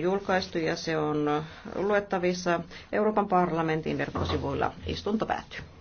julkaistu ja se on luettavissa Euroopan parlamentin verkkosivuilla. Istunto päättyy.